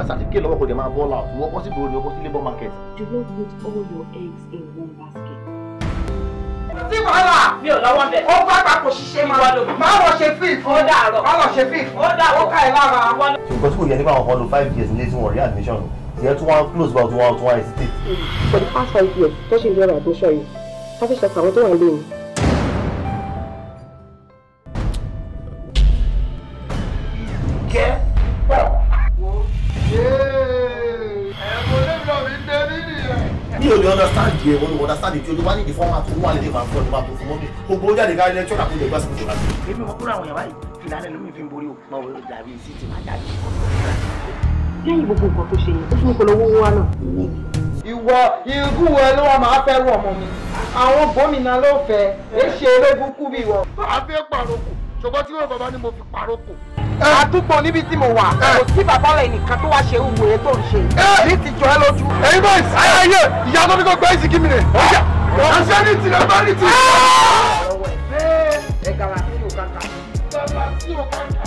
gba certificate lọ́wọ́ kò dẹ̀ máa ball out wọ́n bọ́ sí ìgboro ni wọ́n sí labour market. do not put all your eggs in one basket. sí wàhálà. mi ò lọ́wọ́ bẹ̀. ó bá papọ̀ ṣiṣẹ́ máa máa lọ ṣe fit. ó dàárọ̀ máa lọ ṣe fit. ó dàárọ̀ ó ká ẹ lára. ṣùgbọ́n tí kò yẹ nípa àwọn ọ̀hún five years nílé tí wọ́n rí admission yẹ tí wọ́n close about one to one hesitate. for the past five years tó ṣe ń lọ́rọ̀ admission yìí káfí ṣe àwọn tó wà lóyún. kẹ́ mi ò lè understand yẹ wọn ò understand yẹ tí olúwa ní ìfọwọ́n máa tó wà lẹ́yìn máa fọ́ ẹ̀ máa tó fún mọ́mí gbogbo ó jáde káyọ̀ lẹ́tọ́ làkúndé gbà síbi ìjọba. èmi wọn kúrò àwọn yàrá yìí fìlànà ló mi fi ń borí o máa wọ dàbí sí ti máa dàbí. lẹ́yìn gbogbo nǹkan tó ṣe yẹn ó tún kọ́ lọ́wọ́ wá náà. ìwọ irú ẹ ló wà máa fẹ́ rú ọmọ mi àwọn gómìnà ló fẹ́ é ṣe eré ṣùgbọ́n tí yóò bàbá ni mo fi paroko. àdúgbò níbi tí mo wà kò sí bàbá rẹ nìkan tó wá ṣe ìwò èyí tó ń ṣe ní ti jọ ẹ lójú. ẹyin bẹ́ẹ̀ sí ayẹyẹ ìyá tó ní kó gbé ìsìnkí mi rẹ̀. ọ̀sẹ̀ ní tìrẹ bá ní tìrẹ. ẹ̀gàrà tí o kàkà. bàbá tí o